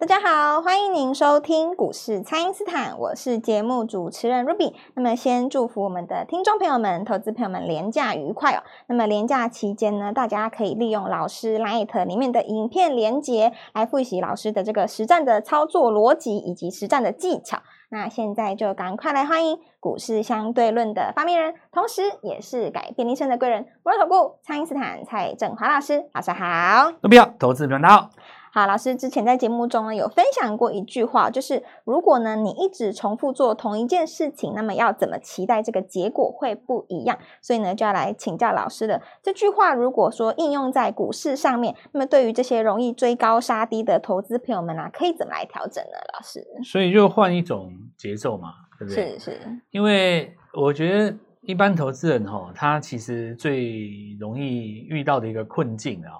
大家好，歡迎您收聽股市蔡因斯坦，我是節目主持人 Ruby。那麼先祝福我們的聽眾朋友們、投資朋友們連假愉快哦。那麼連假期間呢，大家可以利用老師 LINE 裡面的影片連結來複習老師的這個實戰的操作邏輯以及實戰的技巧。那現在就趕快來歡迎股市相對論的發明人，同時也是改變一生的貴人——摩爾投顧蔡因斯坦蔡正華老師，早上好，Ruby 投資人好。好，老師之前在節目中呢有分享過一句話，就是如果呢你一直重複做同一件事情，那麼要怎麼期待這個結果會不一樣？所以呢就要來請教老師了。這句話如果說應用在股市上面，那麼對於這些容易追高殺低的投資朋友們呢，可以怎麼來調整呢？老師，所以就換一種節奏嘛，對不對？是是，因為我覺得一般投資人哈，他其實最容易遇到的一個困境啊。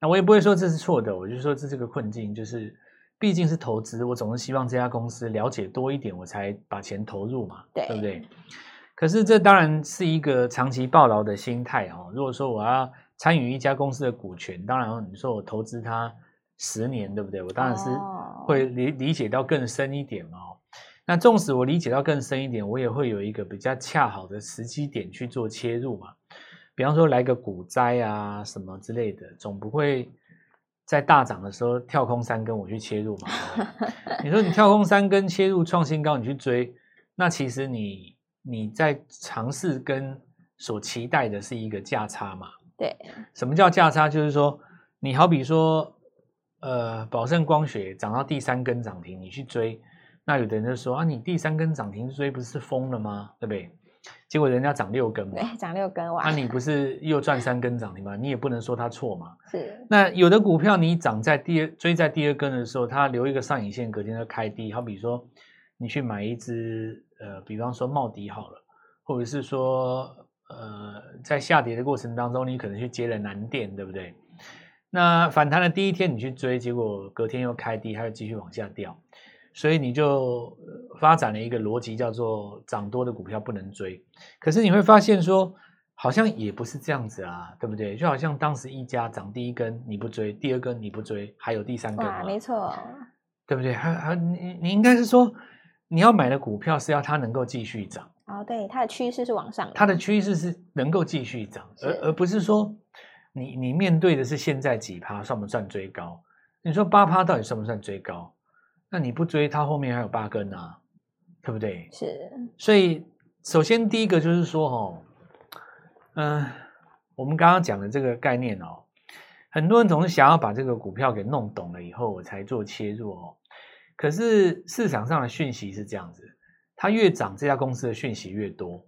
那我也不會說這是錯的，我就說這是個困境，就是畢竟是投資，我總是希望這家公司了解多一點，我才把錢投入嘛，對，對不對？可是這當然是一個長期抱牢的心態哦。如果說我要參與一家公司的股權，當然你說我投資它十年，對不對？我當然是會理理解到更深一點哦。那縱使我理解到更深一點，我也會有一個比較恰好的時機點去做切入嘛。比方說來個股災啊什麼之類的，總不會在大漲的時候跳空三根我去切入嘛？吧 你說你跳空三根切入創新高，你去追，那其實你你在嘗試跟所期待的是一個價差嘛？對，什麼叫價差？就是說你好比說呃，保勝光學漲到第三根漲停，你去追，那有的人就說啊，你第三根漲停追不是瘋了嗎？對不對？結果人家漲六根漲六根哇，那你不是又賺三根漲停嗎？你也不能說它錯嘛。是，那有的股票你漲在第二追在第二根的時候，它留一個上影線，隔天就開低。好比說，你去買一隻呃，比方說茂迪好了，或者是說呃，在下跌的過程當中，你可能去接了南電，對不對？那反彈的第一天你去追，結果隔天又開低，它又繼續往下掉。所以你就發展了一個邏輯，叫做漲多的股票不能追。可是你會發現說，好像也不是這樣子啊，對不對？就好像當時一家漲第一根你不追，第二根你不追，還有第三根，沒錯，對不對？還還你你應該是說，你要買的股票是要它能夠繼續漲啊。哦，對，它的趨勢是往上，它的趨勢是能夠繼續漲，是而而不是說你你面對的是現在幾趴算不算追高？你說八趴到底算不算追高？那你不追，它後面還有八根呢，啊，對不對？是。所以，首先第一個就是說，哦，吼、呃、嗯，我們剛剛講的這個概念哦，很多人總是想要把這個股票給弄懂了以後，我才做切入哦。可是市場上的訊息是這樣子，它越漲這家公司的訊息越多，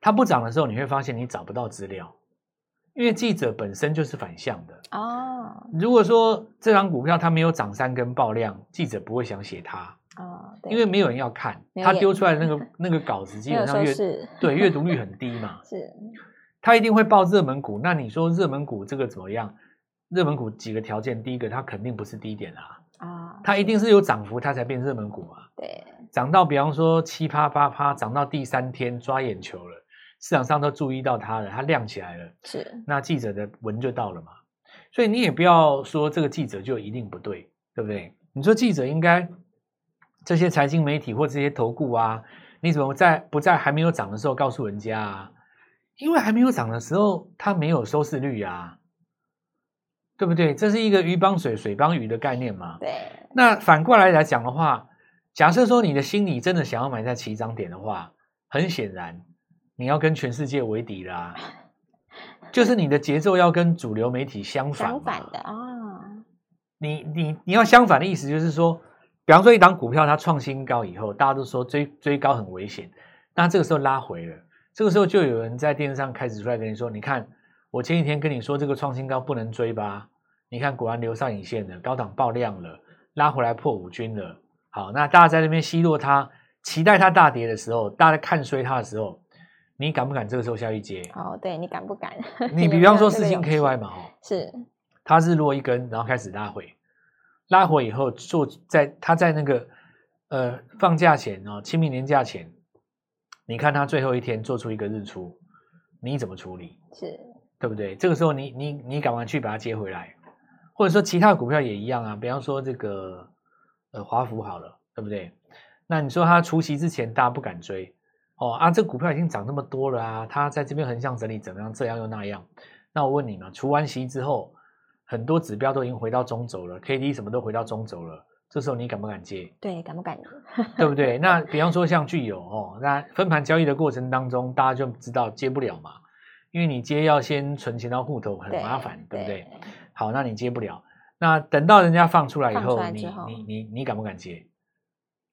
它不漲的時候，你會發現你找不到資料。因為記者本身就是反向的啊。哦、如果說這張股票它沒有漲三根爆量，記者不會想寫它啊，哦、因為沒有人要看。他丟出來的那個那個稿子，基本上閱對閱讀率很低嘛。 是，他一定會報熱門股。那你說熱門股這個怎麼樣？熱門股幾個條件，第一個它肯定不是低點啊啊，哦、它一定是有漲幅，它才變熱門股嘛。對，漲到比方說七趴八趴，漲到第三天抓眼球了。市場上都注意到它了，它亮起來了，是。那記者的文就到了嘛？所以你也不要說這個記者就一定不對，對不對？你說記者應該這些財經媒體或這些投顧啊，你怎麼在不在還沒有漲的時候告訴人家啊？因為還沒有漲的時候，它沒有收視率啊，對不對？這是一個魚幫水，水幫魚的概念嘛？對。那反過來來講的話，假設說你的心裡真的想要買在起漲點的話，很顯然。你要跟全世界為敵啦，就是你的節奏要跟主流媒體相反的啊。你你你要相反的意思就是說，比方說一檔股票它創新高以後，大家都說追追高很危險，那這個時候拉回了，這個時候就有人在電視上開始出來跟你說：“你看，我前幾天跟你說這個創新高不能追吧？你看果然留上影線了，高檔爆量了，拉回來破五均了。好，那大家在那邊奚落他，期待它大跌的時候，大家看衰他的時候。你敢不敢這個時候下去接？哦，對你敢不敢？你比方說世芯 K Y 嘛，是，它日落一根，然後開始拉回，拉回以後做在它在那個呃放假前哦、喔，清明年假前，你看它最後一天做出一個日出，你怎麼處理？是，對不對？這個時候你你你趕快去把它接回來，或者說其他的股票也一樣啊，比方說這個呃華孚好了，對不對？那你說它除夕之前大家不敢追。哦啊，這個股票已經漲那麼多了啊，它在這邊橫向整理，怎麼樣？這樣又那樣。那我問你呢，除完息之後，很多指標都已經回到中軸了，K D 什麼都回到中軸了，這時候你敢不敢接？對，敢不敢？ 對不對？那比方說像聚友哦，那分盤交易的過程當中，大家就知道接不了嘛，因為你接要先存錢到戶頭，很麻煩，對，對不對？對，好，那你接不了。那等到人家放出來以後，後你你你你敢不敢接？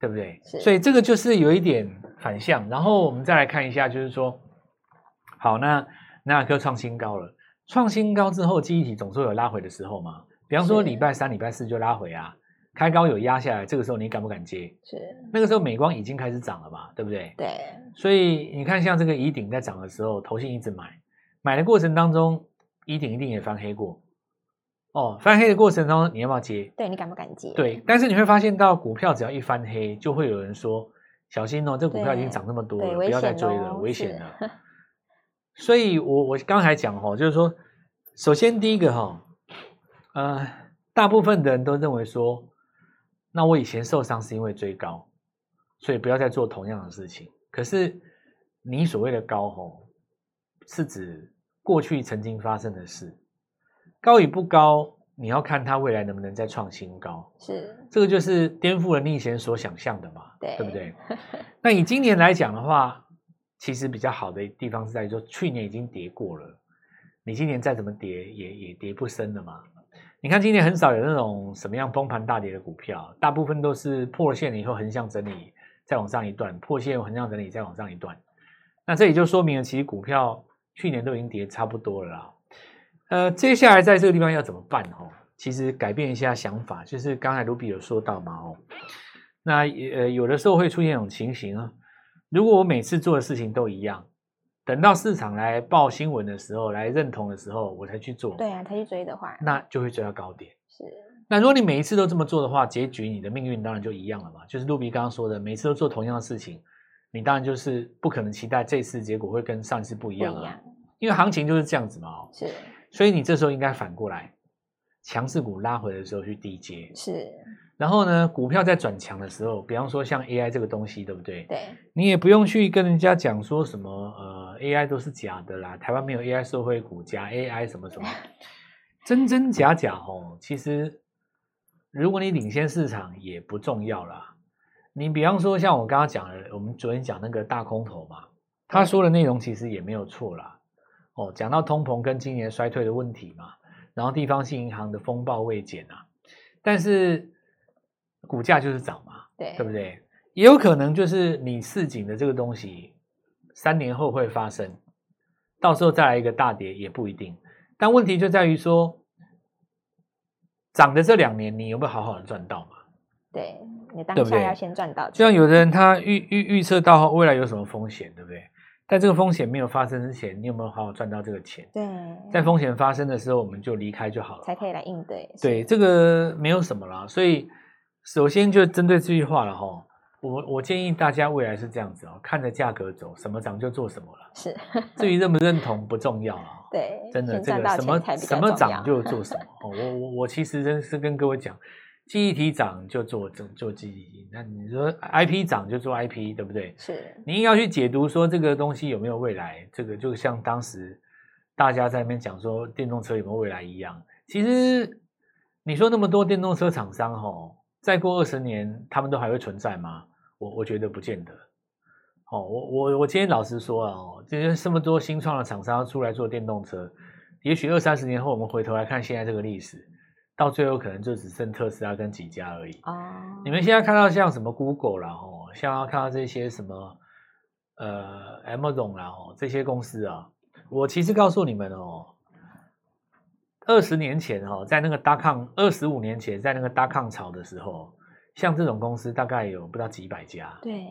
對不對？是所以這個就是有一點反向。然後我們再來看一下，就是說，好，那那個、個、創新高了，創新高之後，記憶體總是有拉回的時候嘛。比方說，禮拜三、是禮拜四就拉回啊，開高有壓下來，這個時候你敢不敢接？是那個時候，美光已經開始漲了嘛，對不對？對，所以你看，像這個宜鼎在漲的時候，投信一直買，買的過程當中，宜鼎一定也翻黑過。哦，翻黑的過程中，你要不要接？對，你敢不敢接？對，但是你會發現到股票只要一翻黑，就會有人說：“小心哦，這股票已經漲那麼多了，哦、不要再追了，危險了。是所以我，我我剛才講吼、哦、就是說，首先第一個哈、哦，呃，大部分的人都認為說，那我以前受傷是因為追高，所以不要再做同樣的事情。可是，你所謂的高吼、哦，是指過去曾經發生的事。高與不高，你要看它未來能不能再創新高。是，這個就是顛覆了你以前所想象的嘛？對，對不對？那以今年來講的話，其實比較好的地方是在於說，去年已經跌過了，你今年再怎麼跌，也也跌不深了嘛。你看今年很少有那種什麼樣崩盤大跌的股票，大部分都是破了線了以後橫向整理，再往上一段，破線又橫向整理再往上一段。那這也就說明了，其實股票去年都已經跌差不多了啦。呃，接下來在這個地方要怎麼辦，哦？哈，其實改變一下想法，就是剛才盧比有說到嘛，哦，那、呃、有的時候會出現一種情形啊，如果我每次做的事情都一樣，等到市場來報新聞的時候，來認同的時候，我才去做，對啊，才去追的話，那就會追到高點。是，那如果你每一次都這麼做的話，結局你的命運當然就一樣了嘛。就是盧比剛剛說的，每次都做同樣的事情，你當然就是不可能期待這次結果會跟上一次不一樣了，對啊，因為行情就是這樣子嘛，哦。是。所以你這時候應該反過來，強勢股拉回的時候去低接，是。然後呢，股票在轉強的時候，比方說像 AI 這個東西，對不對？對。你也不用去跟人家講說什麼，呃，AI 都是假的啦，台灣沒有 AI 社會股假 AI 什麼什麼， 真真假假哦。其實，如果你領先市場也不重要啦。你比方說像我剛剛講的，我們昨天講那個大空頭嘛，他說的內容其實也沒有錯啦。哦，講到通膨跟今年衰退的問題嘛，然後地方性銀行的風暴未減啊，但是股價就是漲嘛，對，對不對？也有可能就是你市井的這個東西，三年後會發生，到時候再來一個大跌也不一定。但問題就在於說，漲的這兩年你有沒有好好的賺到嘛？對，你當下要先賺到，就像有的人他預預預測到未來有什麼風險，對不對？在這個風險沒有發生之前，你有沒有好好賺到這個錢？對，在風險發生的時候，我們就離開就好了，才可以來應對。對，這個沒有什麼啦。所以，首先就針對這句話了哈，我我建議大家未來是這樣子哦，看着價格走，什麼漲就做什麼了。是， 至於認不認同不重要啊，對，真的這個什麼什麼漲就做什麼。 喔，我我我其實真是跟各位講。記憶體漲就做做記憶，那你說 IP 漲就做 IP，對不對？是。你硬要去解讀說這個東西有沒有未來，這個就像當時大家在那邊講說電動車有沒有未來一樣。其實你說那麼多電動車廠商，哦，吼，再過二十年他們都還會存在嗎？我我覺得不見得。哦，我我我今天老實說啊，哦，今天這麼多新創的廠商出來做電動車，也許二三十年後我們回頭來看現在這個歷史。到最後可能就只剩特斯拉跟幾家而已。哦，oh. 你們現在看到像什麼 Google 啦，哦，像要看到這些什麼，呃，Amazon 啦，哦，這些公司啊，我其實告訴你們哦，二十年前哦，在那個 .com，二十五年前在那個 .com 潮的時候，像這種公司大概有不知道幾百家。對，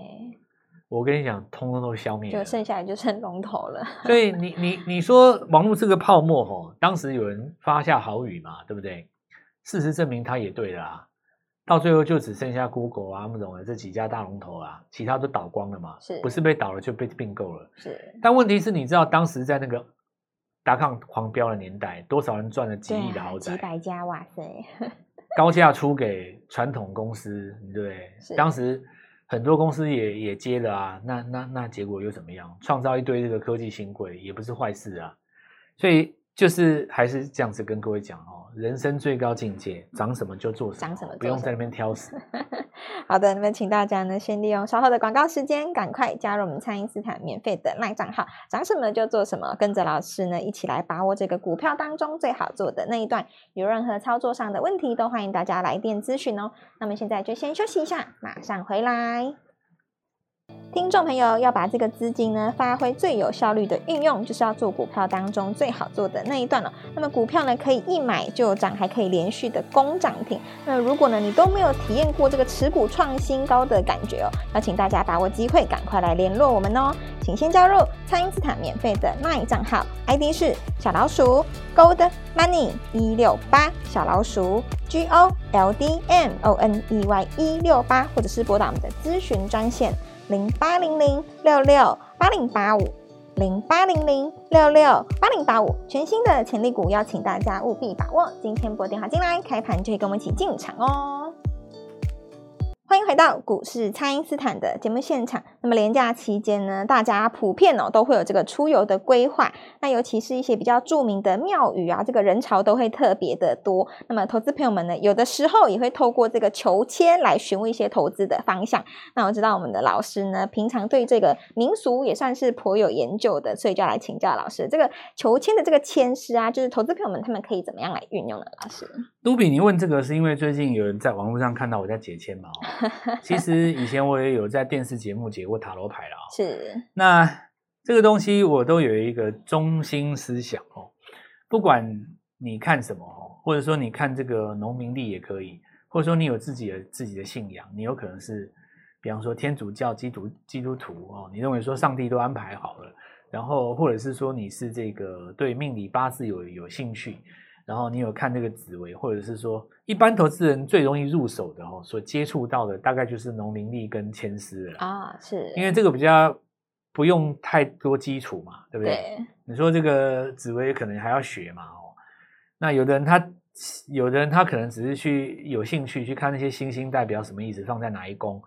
我跟你講，通通都消滅了，就剩下來就剩龍頭了。 所以你你你說網絡這個泡沫吼，當時有人發下豪語嘛，對不對？事實證明，他也對啦、啊。到最後就只剩下 Google 啊、Amazon 啊，這幾家大龍頭啊，其他都倒光了嘛。是，不是被倒了就被併購了？是。但問題是你知道，當時在那個達康狂飆的年代，多少人賺了幾億的豪宅、啊？幾百家，哇塞！高價出給傳統公司，對， 當時很多公司也也接了啊。那那那結果又怎麼樣？創造一堆這個科技新貴，也不是壞事啊。所以就是還是這樣子跟各位講哦。人生最高境界，長什麼就做什麼，長什麼，什麼不用在那邊挑食。 好的，那麼請大家呢，先利用稍後的廣告時間，趕快加入我們蔡因斯坦免費的 LINE 帳號，長什麼就做什麼，跟着老師呢一起來把握這個股票當中最好做的那一段。有任何操作上的問題，都歡迎大家來電諮詢哦。那麼現在就先休息一下，馬上回來。聽眾朋友要把這個資金呢發揮最有效率的運用，就是要做股票當中最好做的那一段了。那麼股票呢，可以一買就漲，還可以連續的攻漲停。那如果呢，你都沒有體驗過這個持股創新高的感覺哦，要請大家把握機會，趕快來聯絡我們哦。請先加入蒼鷹之塔免費的 LINE 賬號，ID 是小老鼠 Gold Money 一六八，小老鼠 g o l d m o n e y 一六八，或者是撥打我們的諮詢專線。零八零零六六八零八五，零八零零六六八零八五，全新的潛力股，邀請大家務必把握。今天撥電話進來，開盤就會跟我們一起進場哦。歡迎回到股市蔡因斯坦的節目現場。那麼連假期間呢，大家普遍哦都會有這個出遊的規劃。那尤其是一些比較著名的廟宇啊，這個人潮都會特別的多。那麼投資朋友們呢，有的時候也會透過這個求籤來詢問一些投資的方向。那我知道我們的老師呢，平常對這個民俗也算是頗有研究的，所以就要來請教老師，這個求籤的這個籤詩啊，就是投資朋友們他們可以怎麼樣來運用呢？老師？杜比，你問這個是因為最近有人在網絡上看到我在解籤嘛？哦，其實以前我也有在電視節目解過塔羅牌啦。是，那這個東西我都有一個中心思想哦，不管你看什麼哦，或者說你看這個農民歷也可以，或者說你有自己的自己的信仰，你有可能是，比方說天主教、基督基督徒哦，你認為說上帝都安排好了，然後或者是說你是這個對命理八字有有興趣。然後你有看那個紫微，或者是說一般投資人最容易入手的哦，所接觸到的大概就是農民曆跟籤詩了啊，是，因為這個比較不用太多基礎嘛，對不對？對你說這個紫微可能還要學嘛哦，那有的人他有的人他可能只是去有興趣去看那些星星代表什麼意思，放在哪一宮，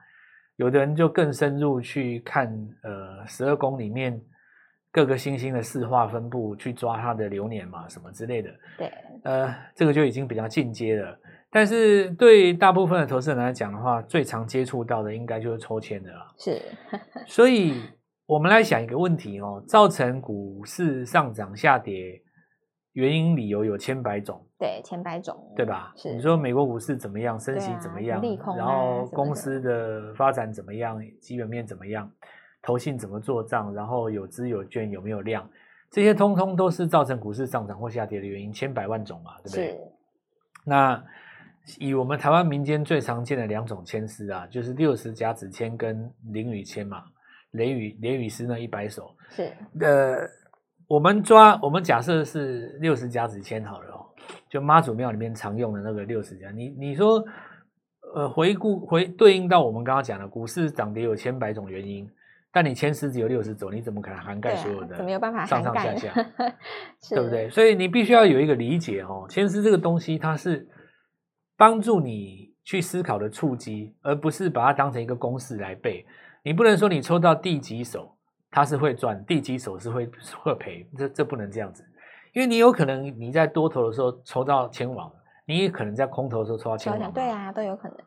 有的人就更深入去看呃十二宮裡面。各個星星的四化分佈去抓它的流年嘛，什麼之類的。對，呃，這個就已經比較進階了。但是對大部分的投資人來講的話，最常接觸到的應該就是抽籤的了。是， 所以我們來想一個問題哦，造成股市上漲下跌原因理由有千百種，對，千百種，對吧？是，你說美國股市怎麼樣，升息怎麼樣，啊利空啊、然後公司的發展怎麼樣，麼基本面怎麼樣？投信怎麼做賬？然後有資有券有沒有量？這些通通都是造成股市上漲或下跌的原因，千百萬種嘛，對不對？是那以我們台灣民間最常見的兩種籤詩啊，就是六十甲子籤跟雷雨籤嘛。雷雨雷雨詩呢，一百首。是。呃，uh, 我們抓我們假設是六十甲子籤好了，哦，就媽祖廟裡面常用的那個六十甲。你你說，呃，回顧回對應到我們剛剛講的股市漲跌有千百種原因。但你籤詩只有六十種，你怎麼可能涵蓋所有的？沒有辦法上上下下，對，啊、 是對不對？所以你必須要有一個理解哦，籤詩這個東西，它是幫助你去思考的觸機，而不是把它當成一個公式來背。你不能說你抽到第幾手，它是會賺，第幾手是會賠，這這不能這樣子。因為你有可能你在多頭的時候抽到籤王，你也可能在空頭的時候抽到籤王，對啊，都有可能。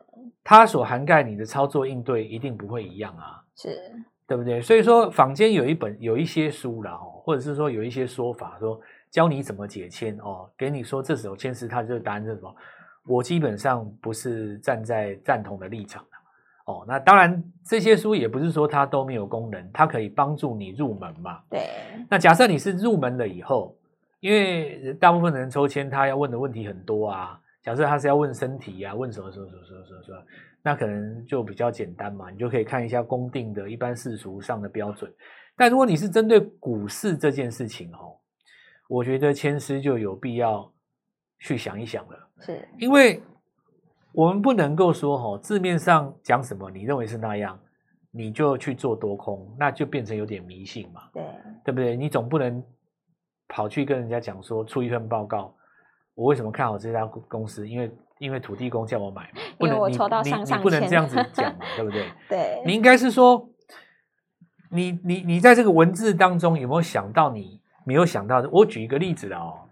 它所涵蓋你的操作應對一定不會一樣啊，是。對不對？所以說，坊間有一本有一些書啦，哦，或者是說有一些說法，說教你怎麼解籤哦，給你說這首籤是它就是答案是什麼，我基本上不是站在贊同的立場的，哦，那當然這些書也不是說它都沒有功能，它可以幫助你入門嘛。對。那假設你是入門了以後，因為大部分人抽籤，他要問的問題很多啊。假設他是要問身體呀、啊，問什麼，什麼什麼什麼什麼什麼，那可能就比較簡單嘛，你就可以看一下公定的一般世俗上的標準。但如果你是針對股市這件事情哦，我覺得籤詩就有必要去想一想了，是因為我們不能夠說哦，字面上講什麼，你認為是那樣，你就去做多空，那就變成有點迷信嘛，對，對不對？你總不能跑去跟人家講說出一份報告。我為什麼看好這家公司？因為因為土地公叫我買嘛，不能，因為我抽到上上籤。你你，你不能這樣子講嘛，對不對？對你應該是說，你你你在這個文字當中有沒有想到你？你沒有想到的，我舉一個例子哦。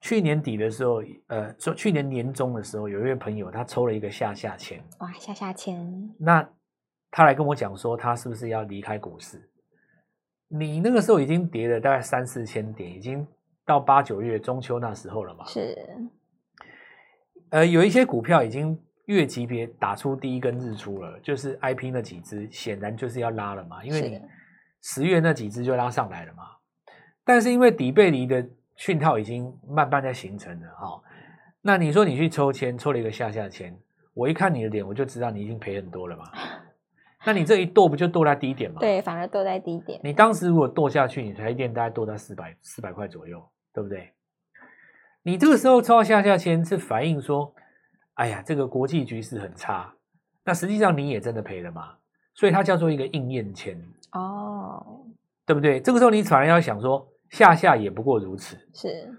去年底的時候，呃，說去年年中的時候，有一位朋友他抽了一個下下籤，哇，下下籤。那他來跟我講說，他是不是要離開股市？你那個時候已經跌了大概三四千點，已經。到八九月中秋那時候了嘛？是，呃，有一些股票已經月級別打出第一根日出了，就是 I P 那幾只，顯然就是要拉了嘛，因為你十月那幾只就拉上來了嘛。是，但是因為底背離的訊號已經慢慢在形成了，哦，哈，那你說你去抽籤抽了一個下下的籤，我一看你的臉，我就知道你已經賠很多了嘛。 那你這一剁不就剁在低點嗎？對，反而剁在低點。你當時如果剁下去，你台電大概剁在四百四百塊左右，對不對？你這個時候抽到下下籤是反映說，哎呀，這個國際局勢很差。那實際上你也真的賠了嘛？所以它叫做一個應驗籤哦，對不對？這個時候你反而要想說，下下也不過如此。是。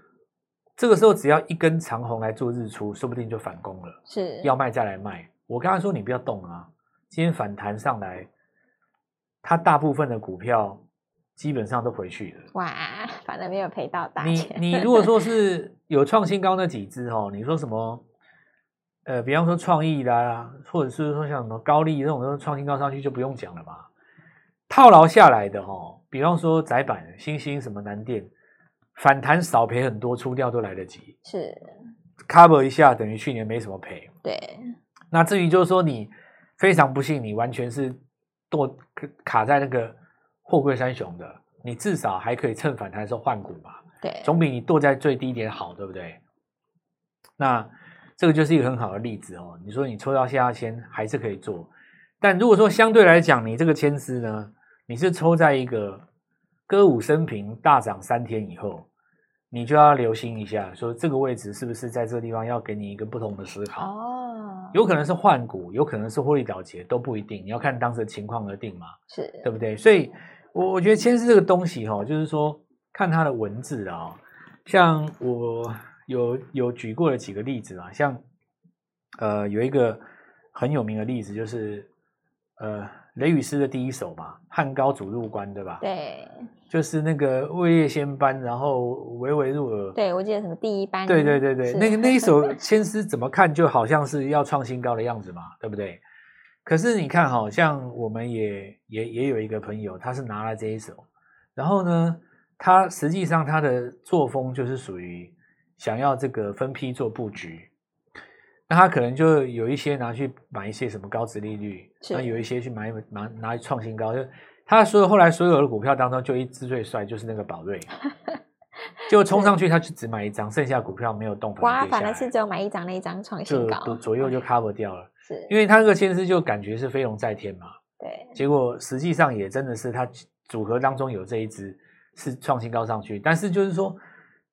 這個時候只要一根長紅來做日出，說不定就反攻了。是。要賣再來賣。我剛才說你不要動啊。今天反彈上來，它大部分的股票基本上都回去了。哇，反正沒有賠到大錢。 你你如果說是有創新高那幾隻哦，你說什麼？呃，比方說創意的啦，或者是說，說像什麼高利這種都創新高上去就不用講了吧。套牢下來的哦，比方說載板、欣興、什麼南電，反彈少賠很多，出掉都來得及。是 cover 一下，等於去年沒什麼賠。對。那至於就是說你。非常不幸，你完全是剁卡在那個貨櫃三雄的，你至少還可以趁反彈的時候換股嘛？對，總比你剁在最低點好，對不對？那這個就是一個很好的例子哦。你說你抽到下下籤還是可以做，但如果說相對來講，你這個籤詩呢，你是抽在一個歌舞升平大漲三天以後，你就要留心一下，說這個位置是不是在這個地方要給你一個不同的思考。哦有可能是換股，有可能是獲利了結，都不一定，你要看當時的情況而定嘛，是對不對？所以，我我覺得，籤詩這個東西哈、哦，就是說看它的文字啊、哦，像我有有舉過了幾個例子啊，像呃有一個很有名的例子就是呃。雷雨師的第一首嘛，漢高祖入關，對吧？對，就是那個位列仙班，然後娓娓入耳。對，我記得什麼第一班。對對對對，是 那個那一首籤詩怎麼看就好像是要創新高的樣子嘛，對不對？可是你看、哦，好像我們也也也有一個朋友，他是拿了這一首，然後呢，他實際上他的作風就是屬於想要這個分批做布局。他可能就有一些拿去買一些什麼高殖利率，那是有一些去買買，買拿創新高。就他說後來所有的股票當中，就一支最帥就是那個寶瑞，就 衝上去，他就只買一張，是剩下的股票沒有動。哇，反正是只有買一張，那一張創新高，左右就 cover 掉了。Okay. 是，因為他那個先知就感覺是飛龍在天嘛。對。結果實際上也真的是，他組合當中有這一支是創新高上去，但是就是說。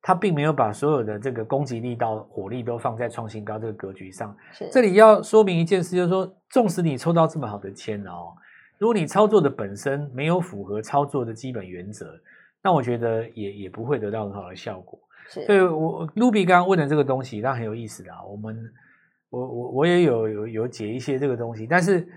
他並沒有把所有的這個攻擊力道火力都放在創新高這個格局上。是，這裡要說明一件事，就是說，縱使你抽到這麼好的籤哦，如果你操作的本身沒有符合操作的基本原則，那我覺得也也不會得到很好的效果。是，所以我 Ruby 剛剛問的這個東西，那很有意思啊。我們，我我我也有有有解一些這個東西，但是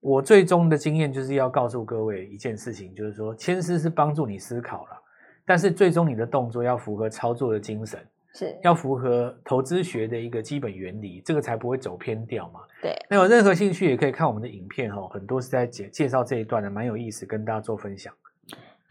我最終的經驗就是要告訴各位一件事情，就是說，籤詩是幫助你思考啦。但是最終你的動作要符合操作的精神，是要符合投資學的一個基本原理，這個才不會走偏掉嘛。對，那有任何興趣也可以看我們的影片哈，很多是在介介紹這一段的，蠻有意思，跟大家做分享。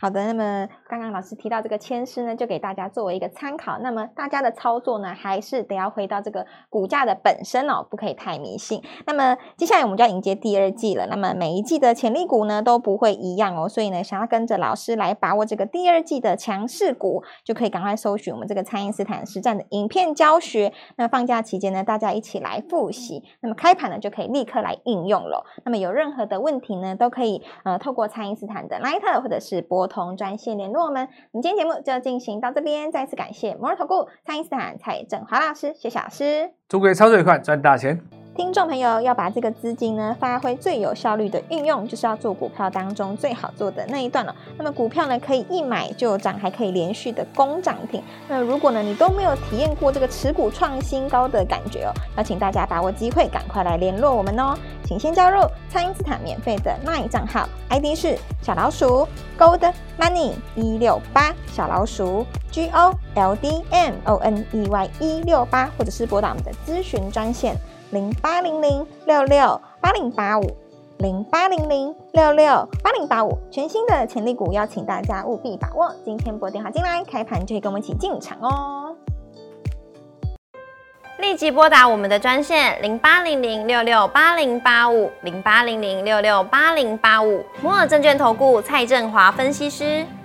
好的，那麼剛剛老師提到這個籤詩呢，就給大家作為一個參考。那麼大家的操作呢，還是得要回到這個股價的本身哦，不可以太迷信。那麼接下來我們就要迎接第二季了。那麼每一季的潛力股呢都不會一樣哦，所以呢，想要跟着老師來把握這個第二季的強勢股，就可以趕快搜尋我們這個“蔡因斯坦實戰”的影片教學。那放假期間呢，大家一起來複習。那麼開盤呢，就可以立刻來應用了。那麼有任何的問題呢，都可以呃透過“蔡因斯坦”的 Lighter 或者是撥。同專線聯絡我們，我們今天節目就進行到這邊，再次感謝摩爾投顧蔡因斯坦、蔡正華老師、謝謝老師，祝各位操作愉快，賺大錢。聽眾朋友要把這個資金呢發揮最有效率的運用，就是要做股票當中最好做的那一段了。那麼股票呢，可以一買就漲，還可以連續的攻漲停。那如果呢，你都沒有體驗過這個持股創新高的感覺哦，那請大家把握機會，趕快來聯絡我們哦。請先加入蔡因斯坦免費的 LINE@ 賬號，ID 是小老鼠 goldmoney 一六八小老鼠 g o l d m o n e y 一六八，或者是撥打我們的諮詢專線。零八零零六六八零八五，零八零零六六八零八五，全新的潛力股，邀請大家務必把握。今天撥電話進來，開盤就會跟我們一起進場哦。立即撥打我們的專線零八零零六六八零八五零八零零六六八零八五，85, 85, 摩爾證券投顧蔡正華分析師。